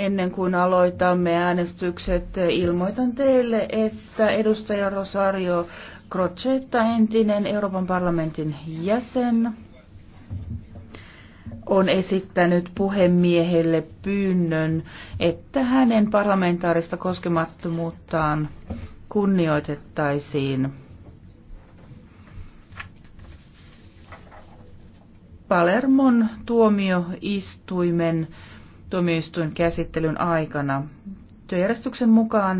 Ennen kuin aloitamme äänestykset, ilmoitan teille, että edustaja Rosario Crocetta, entinen Euroopan parlamentin jäsen, on esittänyt puhemiehelle pyynnön, että hänen parlamentaarista koskemattomuuttaan kunnioitettaisiin. Palermon tuomioistuimen tuomioistuin käsittelyn aikana. Työjärjestyksen mukaan